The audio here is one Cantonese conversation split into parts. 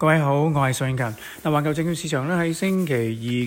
各位好，我係信勤。嗱，環球證券市場咧喺星期二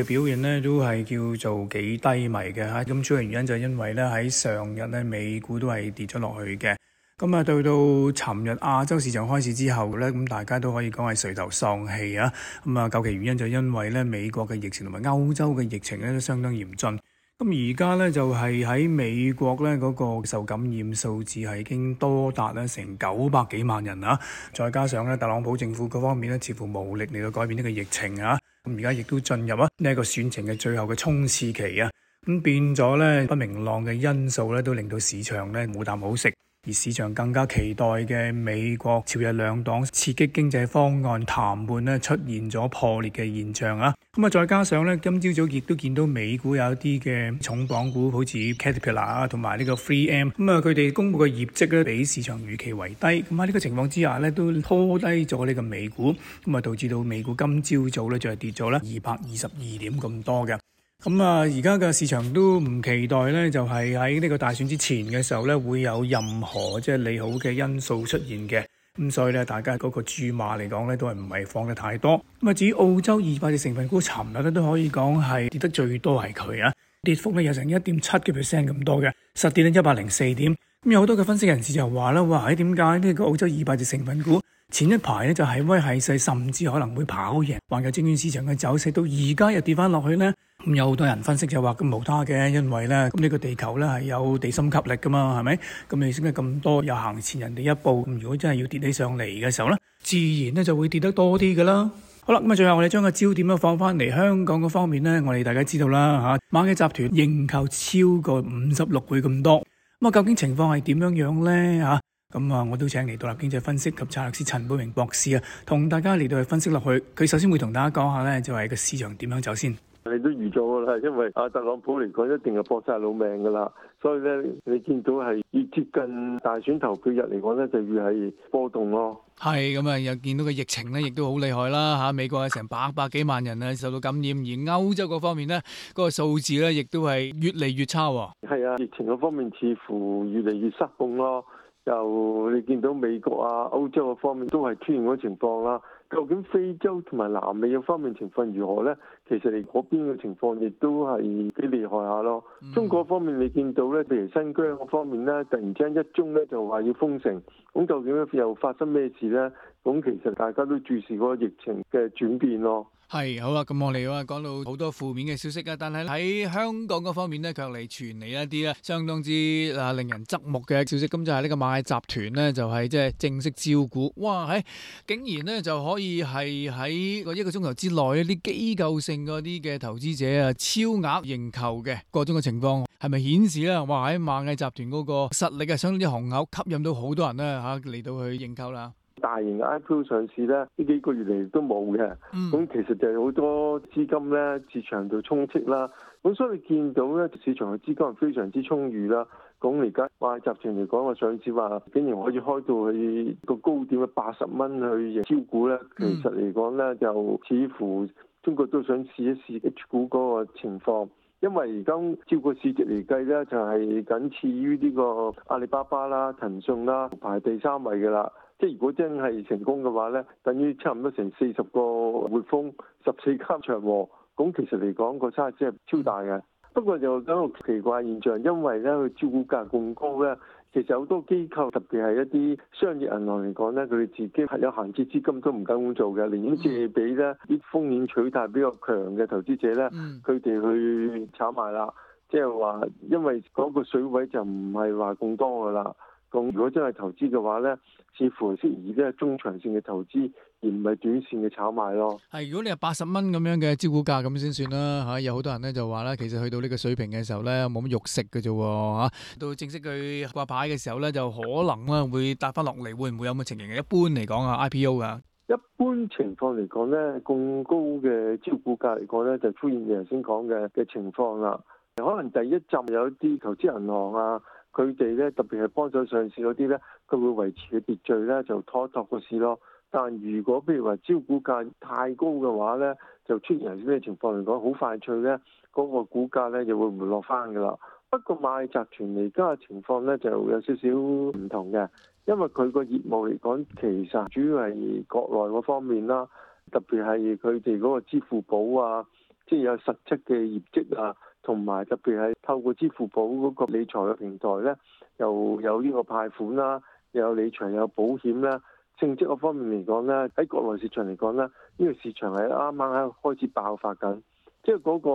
嘅表現咧都係叫做幾低迷嘅吓，咁主要原因就是因為咧喺上日咧美股都係跌咗落去嘅，咁啊到到尋日亞洲市場開始之後呢，咁大家都可以講係垂頭喪氣啊，咁啊，究其原因就因為呢美國嘅疫情同埋歐洲嘅疫情呢，都相當嚴峻。咁而家呢，就係喺美國呢嗰個受感染數字係已經多達咧成九百幾萬人啊，再加上咧特朗普政府嗰方面呢，似乎無力嚟到改變呢個疫情啊，咁而家亦都進入啊呢一個選情嘅最後嘅衝刺期啊，咁變咗呢，不明朗嘅因素咧都令到市場呢冇啖好食。而市場更加期待嘅美國朝日兩黨刺激經濟方案談判咧出現咗破裂嘅現象啊！咁啊，再加上咧今朝早亦都見到美股有啲嘅重磅股，好似 Caterpillar 啊，同埋呢個 Free M，咁啊佢哋公布嘅業績咧比市場預期為低，咁喺呢個情況之下咧都拖低咗呢個美股，咁啊導致到美股今朝早咧就係跌咗啦二百二十二點咁多嘅。咁啊，而家嘅市場都唔期待咧，就係喺呢個大選之前嘅時候咧，會有任何即係利好嘅因素出現嘅。咁所以咧，大家嗰個注碼嚟講咧，都係唔係放得太多。咁啊，至於澳洲二百隻成分股，尋日咧都可以講係跌得最多係佢啊，跌幅咧有成一點七嘅 percent 咁多嘅，實跌咧一百零四點。咁有好多嘅分析人士就話啦：哇「話喺點解呢個澳洲二百隻成分股？前一排咧就係威勢勢，甚至可能會跑贏，環球證券市場嘅走勢到而家又跌翻落去咧，咁有好多人分析就話咁無他嘅，因為咧咁呢個地球咧係有地心吸力噶嘛，係咪？咁你升得咁多又行前人哋一步，如果真係要跌起上嚟嘅時候咧，自然咧就會跌得多啲噶啦。好啦，咁啊最後我哋將個焦點咧放翻嚟香港嗰方面咧，我哋大家知道啦嚇、啊，螞蟻集團認購超過五十六倍咁多，咁啊究竟情況係點樣樣咧嚇？啊咁啊！我都請嚟到喇經濟分析及策略師陳寶明博士啊，同大家嚟到去分析落去。佢首先會同大家講下咧，就係個市場點樣走先。你都預咗啦，因為阿特朗普嚟講一定係搏晒老命噶啦，所以咧你見到係越接近大選投票日嚟講咧，就越係波動咯。係咁啊！又見到個疫情咧，亦都好厲害啦嚇。美國有成百百幾萬人啊，受到感染，而歐洲嗰方面呢，個數字咧亦都係越嚟越差。係啊，疫情嗰方面似乎越嚟越失控咯。就你見到美國啊、歐洲嘅方面都係出現嗰情況啦、啊。究竟非洲同埋南美嘅方面情況如何呢？其實你嗰邊嘅情況亦都係幾厲害下咯。中國方面你見到呢，譬如新疆嗰方面呢，突然之間一中呢就話要封城，咁究竟又發生咩事呢？咁其實大家都注視個疫情嘅轉變咯。係好啦，咁我哋而家講到好多負面嘅消息啦，但係喺香港嗰方面咧，卻嚟傳嚟一啲啊相當之嗱令人側目嘅消息。咁就係呢個螞蟻集團咧，就係即係正式招股。哇！喺、欸、竟然咧就可以係喺一個鐘頭之內，啲機構性嗰啲嘅投資者啊超額認購嘅各種嘅情況，係咪顯示咧哇喺螞蟻集團嗰個實力啊，相當之雄厚，吸引到好多人啦嚇嚟到去認購啦。大型 IPO 上市咧，呢幾個月嚟都冇嘅。咁、嗯、其實就係好多資金咧，市場就充積啦。咁所以見到咧，市場嘅資金係非常之充裕啦。咁而家話集團嚟講我上次話，竟然可以開到去個高點嘅八十蚊去招股咧。嗯、其實嚟講咧，就似乎中國都想試一試 H 股嗰個情況，因為而家招股市值嚟計咧，就係、是、僅次於呢個阿里巴巴啦、騰訊啦，排第三位嘅啦。即係如果真係成功嘅話咧，等於差唔多成四十個匯豐、十四間長和，咁其實嚟講，個差價係超大嘅。不過就有個奇怪現象，因為咧佢招股價咁高咧，其實好多機構特別係一啲商業銀行嚟講咧，佢哋自己係有閒置資金都唔敢咁做嘅，連借俾咧啲風險取態比較強嘅投資者咧，佢哋去炒賣啦，即係話因為嗰個水位就唔係話咁多噶啦。如果真係投資嘅話咧，似乎適宜咧中長線嘅投資，而唔係短線嘅炒賣咯。係如果你係八十蚊咁樣嘅招股價咁先算啦嚇，有好多人咧就話啦，其實去到呢個水平嘅時候咧，冇乜肉食嘅啫喎嚇。到正式佢掛牌嘅時候咧，就可能啦會跌翻落嚟，會唔會有咁嘅情形？一般嚟講啊，IPO 啊，一般情況嚟講咧，咁高嘅招股價嚟講咧，就出現頭先講嘅嘅情況啦。可能第一站有一啲投資銀行啊。佢哋咧特別係幫咗上市嗰啲咧，佢會維持嘅秩序咧就托一托個市咯。但如果譬如話招股價太高嘅話咧，就出現啲咩情況嚟講，好快脆咧，嗰、那個股價咧就會回落翻噶啦。不過螞蟻集團而家嘅情況咧就有少少唔同嘅，因為佢個業務嚟講其實主要係國內個方面啦，特別係佢哋嗰個支付寶啊，即、就、係、是、有實質嘅業績啊。同埋特別係透過支付寶嗰個理財嘅平台呢，又有呢個貸款啦，又有理財，又有保險啦，升職嗰方面嚟講呢，喺國內市場嚟講呢，呢個市場係啱啱開始爆發緊，即係嗰個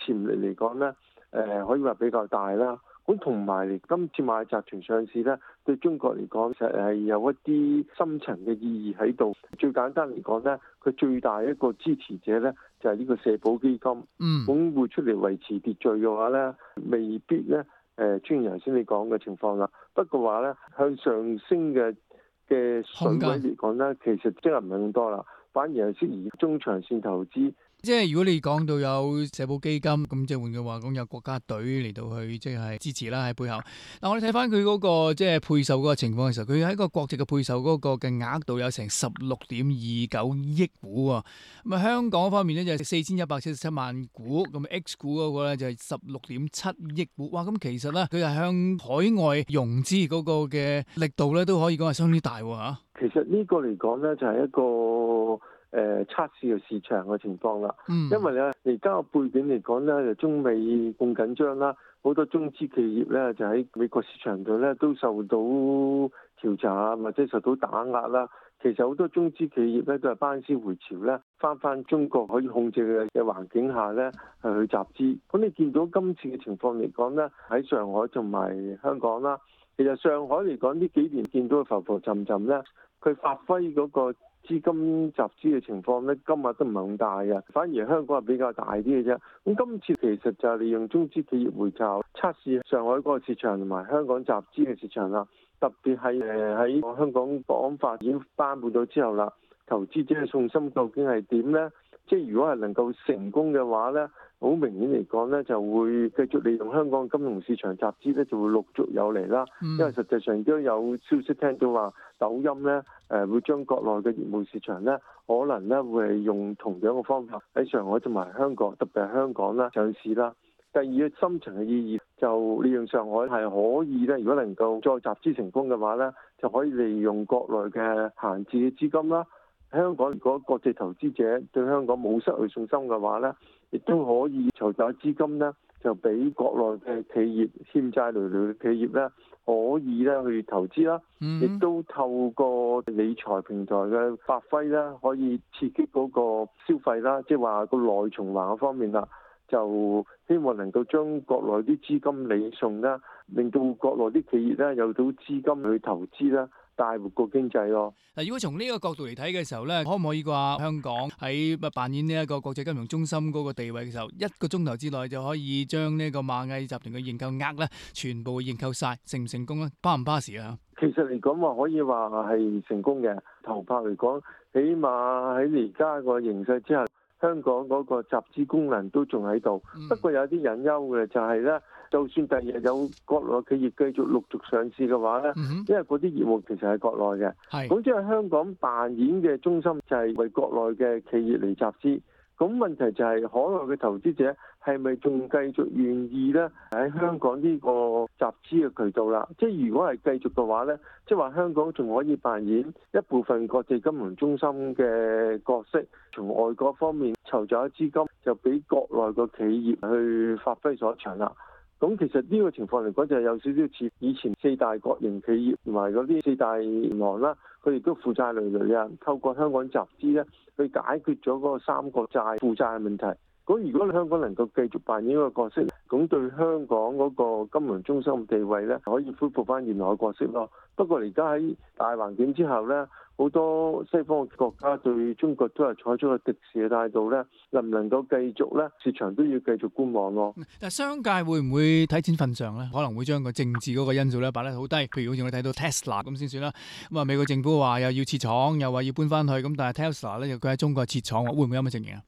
潛力嚟講呢，誒可以話比較大啦。咁同埋今次螞蟻集團上市呢，對中國嚟講實係有一啲深層嘅意義喺度。最簡單嚟講呢，佢最大一個支持者呢，.就係呢個社保基金，咁會、嗯、出嚟維持秩序嘅話咧，未必咧誒，正如頭先你講嘅情況啦。不過話咧，向上升嘅嘅水位嚟講咧，其實即係唔係咁多啦，反而係適宜中長線投資。即係如果你講到有社保基金，咁即係換句話，咁有國家隊嚟到去，即係支持啦喺背後。嗱、啊，我哋睇翻佢嗰個即係配售嘅情況嘅時候，佢喺個國際嘅配售嗰個嘅額度有成十六點二九億股啊。咁、嗯、啊，香港方面咧就係四千一百七十七萬股，咁啊，H 股嗰個咧就係十六點七億股。哇，咁、嗯、其實咧，佢係向海外融資嗰個嘅力度咧，都可以講係相當之大吓、啊。其實個講呢個嚟講咧，就係、是、一個。誒測試嘅市場嘅情況啦，嗯、因為咧而家個背景嚟講咧，就中美咁緊張啦，好多中資企業咧就喺美國市場度咧都受到調查啊，或者受到打壓啦。其實好多中資企業咧都係班師回朝啦，翻返中國可以控制嘅嘅環境下咧係去集資。咁你見到今次嘅情況嚟講咧，喺上海同埋香港啦，其實上海嚟講呢幾年見到浮浮沉沉咧，佢發揮嗰、嗰個。資金集資嘅情況咧，今日都唔係咁大嘅，反而香港係比較大啲嘅啫。咁今次其實就係利用中資企業回購測試上海個市場同埋香港集資嘅市場啦。特別係誒喺香港國安法已經頒布咗之後啦，投資者嘅信心究竟係點呢？即係如果係能夠成功嘅話呢。好明顯嚟講咧，就會繼續利用香港金融市場集資咧，就會陸續有嚟啦。因為實際上都有消息聽到話，抖音咧誒會將國內嘅業務市場咧，可能咧會係用同樣嘅方法喺上海同埋香港，特別係香港啦，上市啦。第二個深層嘅意義就利用上海係可以咧，如果能夠再集資成功嘅話咧，就可以利用國內嘅閒置嘅資金啦。香港如果國際投資者對香港冇失去信心嘅話呢，亦都可以籌集資金呢，就俾國內嘅企業，欠債累累嘅企業呢，可以呢去投資啦。亦都透過理財平台嘅發揮咧，可以刺激嗰個消費啦，即係話個內循環方面啦，就希望能夠將國內啲資金理順啦，令到國內啲企業呢有到資金去投資啦。帶活個經濟咯。嗱，如果從呢個角度嚟睇嘅時候咧，可唔可以話香港喺扮演呢一個國際金融中心嗰個地位嘅時候，一個鐘頭之內就可以將呢個螞蟻集團嘅認購額咧，全部認購晒？成唔成功咧？巴唔巴時啊？其實嚟講話可以話係成功嘅。頭拍嚟講，起碼喺而家個形勢之下，香港嗰個集資功能都仲喺度。嗯、不過有啲隱憂嘅就係、是、咧。就算第日有國內企業繼續陸續上市嘅話呢、嗯、哼因為嗰啲業務其實係國內嘅，咁是即係香港扮演嘅中心就係為國內嘅企業嚟集資。咁問題就係海外嘅投資者係咪仲繼續願意呢喺香港呢個集資嘅渠道啦、嗯？即係如果係繼續嘅話呢，即係話香港仲可以扮演一部分國際金融中心嘅角色，從外國方面籌集資金，就俾國內個企業去發揮所長啦。咁其實呢個情況嚟講，就有少少似以前四大國營企業同埋嗰啲四大銀行啦、啊，佢哋都負債累累啊。透過香港集資咧，去解決咗嗰個三角債負債問題。咁如果香港能夠繼續扮演呢個角色，咁對香港嗰個金融中心地位咧，可以恢復翻原來嘅角色咯。不過而家喺大環境之後咧，好多西方嘅國家對中國都係採取個敵視嘅態度咧，能唔能夠繼續咧？市場都要繼續觀望咯、嗯。但係商界會唔會睇錢份上咧？可能會將個政治嗰個因素咧擺得好低。譬如好似我睇到 Tesla 咁先算啦。咁啊，美國政府話又要撤廠，又話要搬翻去，咁但係 Tesla 咧又佢喺中國設廠，會唔會有咩情形啊？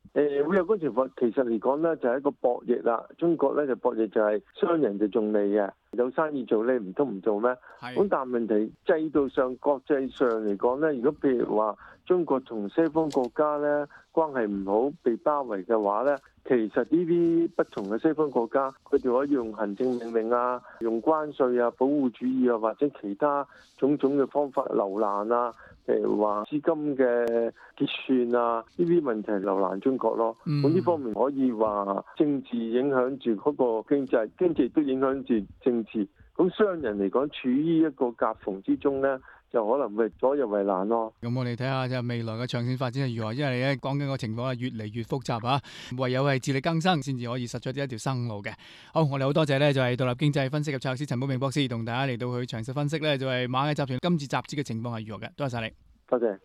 有嗰情況，其實嚟講呢，就係、是、一個博弈啦。中國呢，就博弈就係商人就仲未嘅，有生意做你唔通唔做咩？咁的但係問題制度上、國際上嚟講呢，如果譬如話中國同西方國家呢關係唔好、被包圍嘅話呢，其實呢啲不同嘅西方國家，佢哋可以用行政命令啊、用關稅啊、保護主義啊，或者其他種種嘅方法留難啊。譬如話資金嘅結算啊，呢啲問題流難中國咯。咁呢、嗯、方面可以話政治影響住嗰個經濟，經濟亦都影響住政治。咁商人嚟講，處於一個夾縫之中呢。就可能會左右為難咯。咁我哋睇下就未來嘅長線發展係如何，因為咧講緊個情況係越嚟越複雜啊。唯有係自力更生先至可以實在啲一條生路嘅。好，我哋好多謝呢就係、是、獨立經濟分析及策略師陳寶明博士同大家嚟到去詳細分析呢就係、是、螞蟻集團今次集資嘅情況係如何嘅。多謝晒你，多謝。